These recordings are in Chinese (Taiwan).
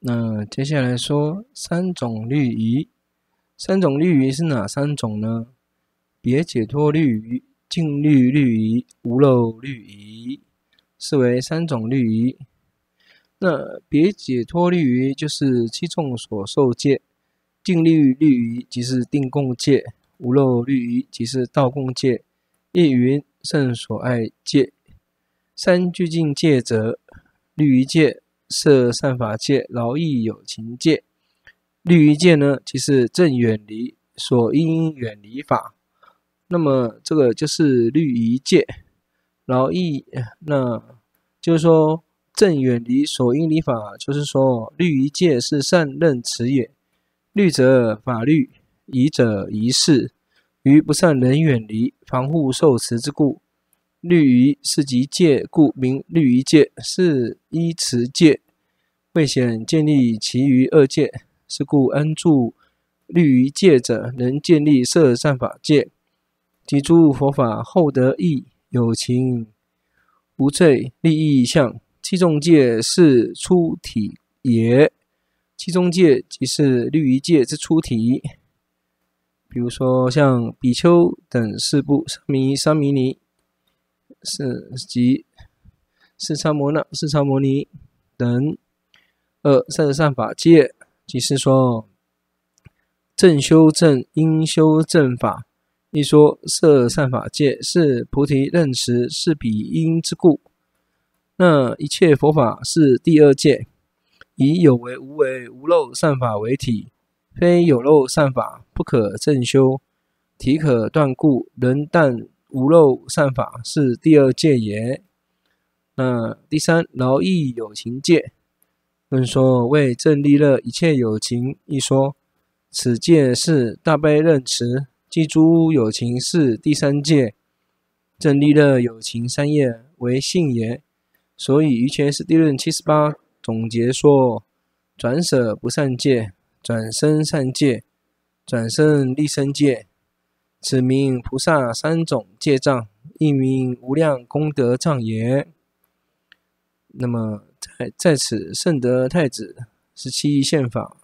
那接下來說三種律儀，三種律儀是哪三種呢？別解脫律儀、靜慮律儀、無漏律儀，是為三種律儀。那別解脫律儀就是七眾所受戒，靜慮律儀即是定共戒，無漏律儀即是道共戒。亦云聖所愛戒，三聚淨戒者律儀戒。是善法界，饒益有情界，律儀界呢，即是正遠離所應遠離法。那麼這個就是律儀界，饒益，那就是說正遠離所應離法，就是說律儀界是善任持也。律者，法律；儀者儀者，儀式。於不善人遠離，防護受持之故。律儀是集戒，故名律儀戒。是依持戒，為顯建立其餘二戒。是故安住律儀戒者，能建立攝善法戒。即諸佛法後得義，有情無罪利益相。七眾戒是出體也。七眾戒即是律儀戒之出體。比如說像比丘等四部，三尼、三尼尼。是即四常摩那、四常摩尼等。二三善正正色善法界即是說正修正因修正法一說色善法界是菩提認識是彼因之故。那一切佛法是第二戒，以有為無為無漏善法為體，非有漏善法不可正修，體可斷故，人但。無漏善法是第二戒也。那第三，饒益有情戒，論說為正利樂一切有情一說，此戒是大悲任持，即諸有情是第三戒，正利樂有情三業為性也。所以於前是地論七十八總結說：轉舍不善戒，轉生善戒，轉生利生戒。此名菩薩三種戒藏，一名無量功德藏也。那麼在在此聖德太子十七憲法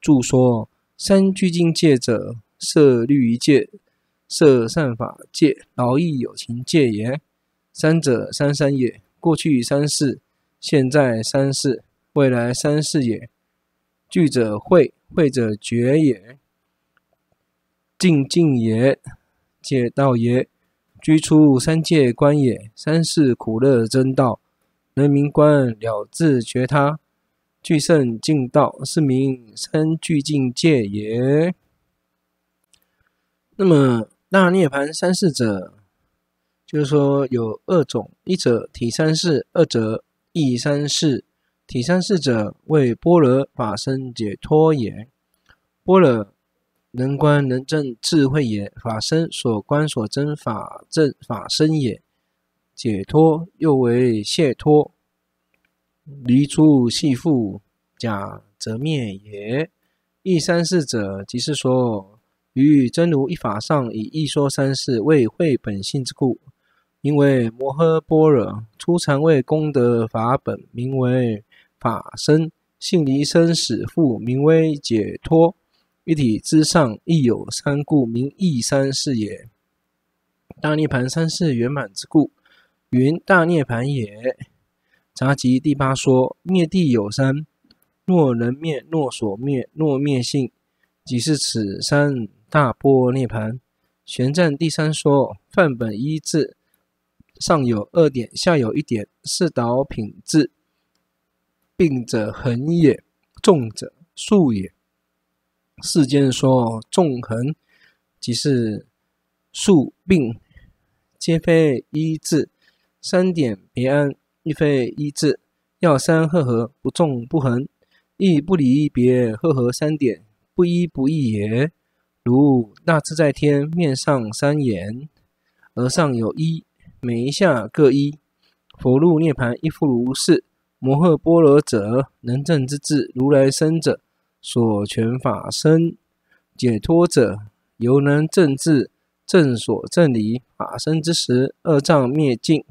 著說：三聚淨戒者，攝律儀戒、攝善法戒、饒益有情戒也。三者三三也。過去三世，現在三世，未來三世也。聚者會，會者覺也。淨淨也，戒道也，居出三界觀也，三世苦樂真道，人民觀了自覺他，聚勝淨道，是名三聚淨戒也。那麼大涅槃三世者，就是說有二種：一者體三世，二者義三世。體三世者為般若法身解脫也，般若。能觀能證智慧也，法身所觀所證，法正法身也，解脫又為解脫，離諸繫縛假則滅也。一三世者，即是說於真如一法上，以一說三世為會本性之故。名為摩訶般若，出纏為功德法本，名為法身；性離生死縛，名為解脫。一體之上亦有三，故名亦三世也。大涅盤三世圓滿之故，云大涅盤也。雜集第八說滅諦有三，若能滅，若所滅，若滅性，即是此三大般涅盤。玄贊第三說，梵本一字上有二點，下有一點，是導品字。並者橫也，縱者豎也。世間說縱橫，即是數病，皆非伊字，三點別安，亦非伊字。要三和合，不縱不橫，亦不離別和合三點，不依不異也。如大自在天，面上三眼，額上有一，每一下各一。佛入涅槃，亦復如是。摩訶般若者，能證之智；如來生者。所詮法身解脫者，由能證智證所證理法身之時，二障滅盡，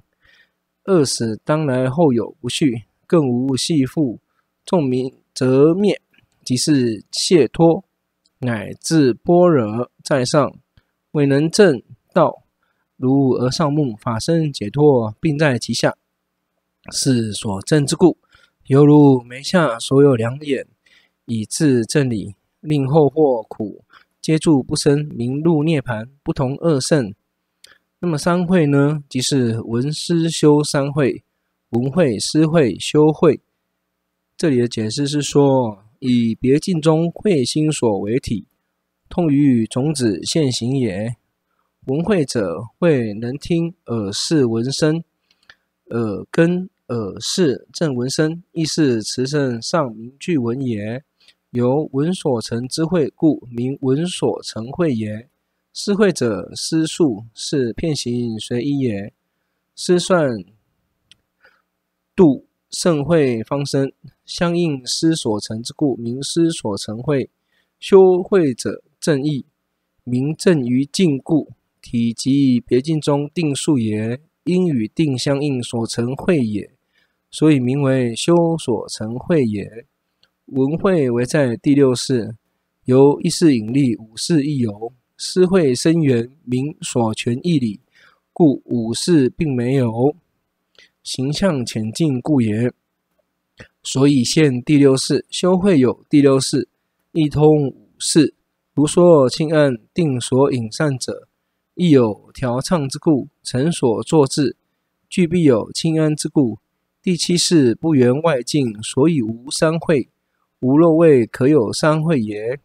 二死當來後有不續，更無繫縛，眾名則滅，即是解脫，乃至般若在上，未能正道，如而上目法身解脫，並在其下，是所證之故，猶如眉下所有兩眼。以至正理，令後惑苦，皆住不生，名入涅槃，不同二乘。那麼三慧呢？即是聞、思修三慧，聞慧、思慧、修慧。這裡的解釋是說，以別境中慧心所為體，通於種子現行也。聞慧者，謂能聽耳識聞聲，耳根耳識正聞聲，亦是持聖上名句文言。由聞所成之慧，故名聞所成慧也。思慧者思數，是遍行隨一也。思算度勝慧方生，相應思所成之故，名思所成慧。修慧者正意，名正於靜故，體即別境中定數也，應與定相應所成慧也，所以名為修所成慧也。聞慧唯在第六識，由意識引力五識亦有思慧深緣，名所詮義理，故五識並沒有形象前進故也。所以現第六識修慧有第六識，亦通五識。如說輕安定所引善者，亦有調暢之故。成所作智，俱必有輕安之故。第七識不緣外境，所以無三慧。無漏味可有三會也。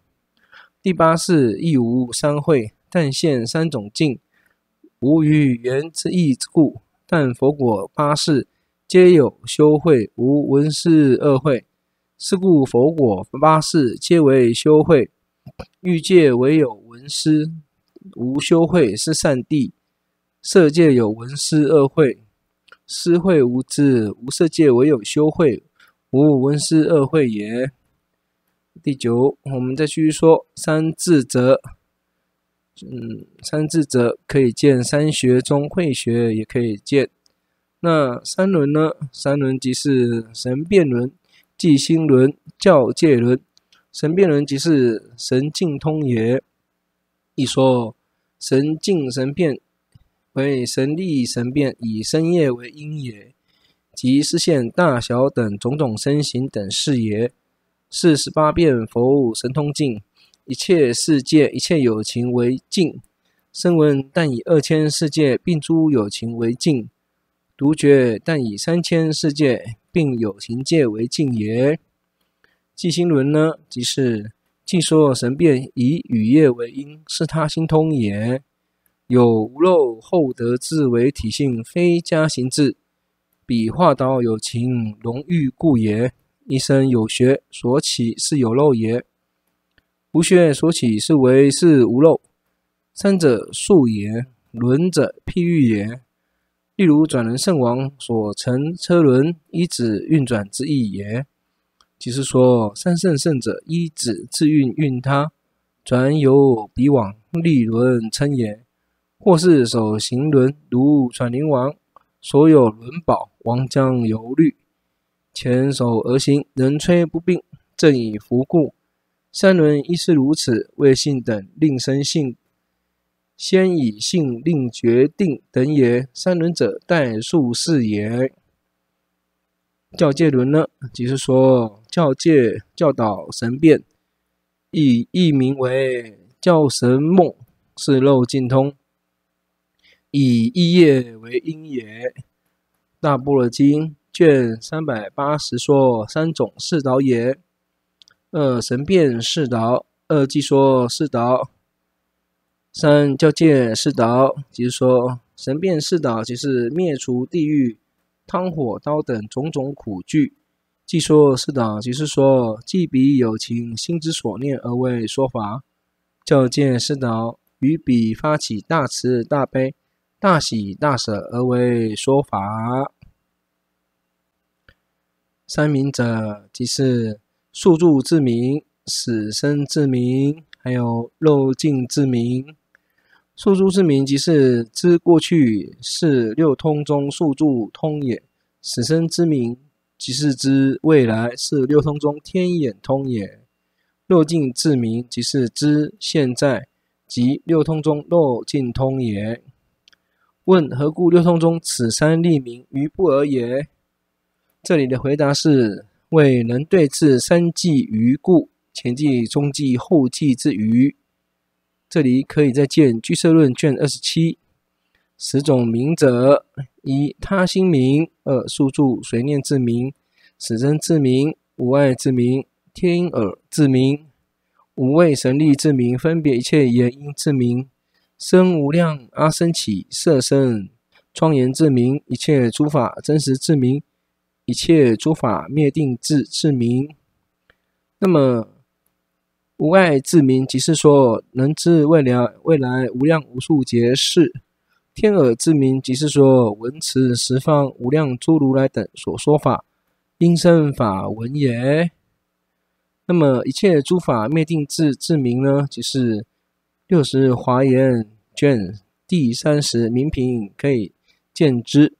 第八世亦無三會，但現三種境無與緣之意之故。但佛果八世皆有修會，無聞師二會。是故佛果八世皆為修會，欲界唯有聞師。無修會是善地。色界有聞師二會。思會無知，無色界唯有修會。無聞師二會也。第九，我們再繼續，續說三智者。嗯，三智者可以見三學中慧學，也可以見。那三輪呢？三輪即是神變輪、寂心輪、教誡輪。神變輪即是神境通也。一說神境神變為神力神變，以身業為因也，即示現大小等種種身形等事也。四十八變佛神通境，一切世界一切有情為境。聲聞但以二千世界並諸有情為境，獨覺但以三千世界並有情界為境也。記心輪呢，即是記說神變以語業為因，是他心通也。有無漏後得智為體性，非加行智，比化道有情，龍欲故也。一生有學所起是有漏也，無學所起是為是無漏。三者數也，輪者譬喻也。例如轉輪聖王所乘車輪，一指運轉之意也。即是說三聖聖者，一指自運運他，轉有比往立輪稱也。或是手行輪，如轉輪王所有輪寶王將有律。前手而行，人吹不病，正以福故。三輪亦是如此。未信等令生信，先以信令決定等也。三輪者，代數是也。教戒輪呢，即是說教戒教導神變，以異名為教神夢，是漏盡通，以一業為因也。大般若經。卷三百八十說三種示導也，二神變示導，二記說示導，三教誡示導。即是說神變示導，即是滅除地獄湯火刀等種種苦具；記說示導，即是說即彼有情心之所念而為說法；教誡示導，與彼發起大慈大悲、大喜大舍而為說法。三明者，即是宿住之明、死生之明，還有漏盡之明。宿住之明，即是知過去，是六通中宿住通也；死生之明，即是知未來，是六通中天眼通也；漏盡之明，即是知現在，即六通中漏盡通也。問：何故六通中此三立明於不爾也？這裡的回答是：未能對治三際餘故，前際、中際、後際之餘。這裡可以再見《俱舍論》卷二十七，十種明者：一他心明，二宿住隨念之明，死生之明，無愛之明，天耳之明，五味神力智明，分別一切言音智明，身無量阿僧祇色身莊嚴之明，一切諸法真實之明。一切諸法滅定智智明，那麼無礙智明即是說能知未來未來無量無數劫事；天耳智明即是說聞此十方無量諸如來等所說法音聲法聞也。那麼一切諸法滅定智智明呢，即是六十華嚴卷第三十名品可以見之。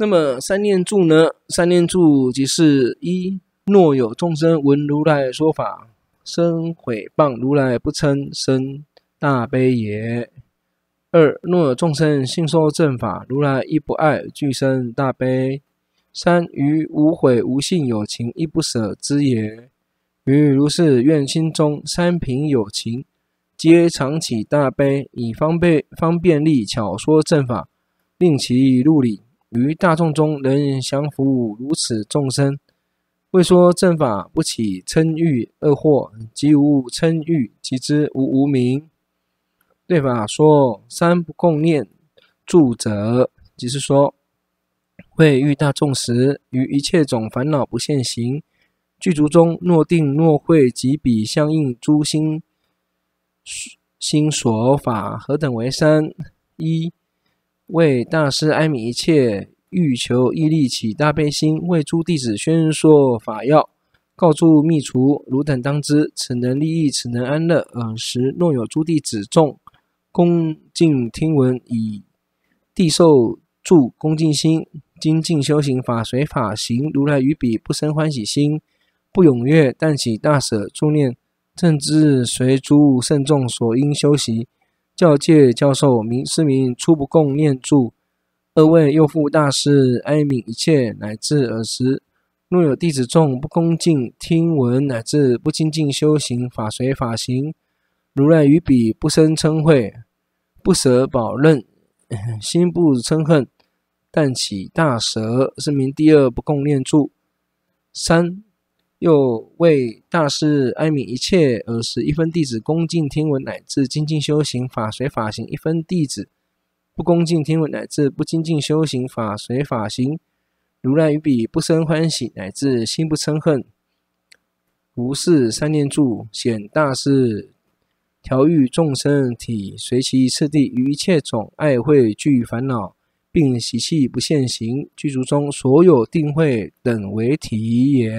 那麼三念住呢？三念住即是一：若有眾生聞如來說法，生毀謗如來，不稱生大悲也；二：若有眾生信說正法，如來亦不愛俱生大悲；三：於無悔無信有情，亦不捨之也。於如是願心中，三品有情，皆常起大悲，以方便方便力巧說正法，令其入理。於大眾中人降伏如此眾生，為說正法，不起嗔慾二惑，即無嗔慾，即知無無明。對法說三不共念住者，即是說會遇大眾時，於一切種煩惱不現行。具足中若定若慧，即彼相應諸心心所法，何等為三？一。為大師哀愍一切欲求一立起大悲心，為諸弟子宣說法要，告諸苾芻，汝等當知，此能利益，此能安樂。爾時，若有諸弟子眾恭敬聽聞以，以地受助恭敬心，精進修行法隨法行。如來於彼不生歡喜心，不踊躍，但起大舍住念，正知隨諸聖眾所應修習。教戒教授明師名初不共念住，二位又復大師哀憫一切乃至耳時，若有弟子眾不恭敬聽聞乃至不精進修行法隨法行，如來於彼不生嗔恚，不舍寶刃，心不嗔恨，但起大捨，是名第二不共念住。三。又為大事哀憫一切，而使一分弟子恭敬聽聞，乃至精進修行法隨法行；一分弟子不恭敬聽聞，乃至不精進修行法隨法行。如來於彼不生歡喜，乃至心不嗔恨，無事三念住，顯大事調御眾生體，隨其次第於一切種愛慧具煩惱，並習氣不現行，具足中所有定慧等為體也。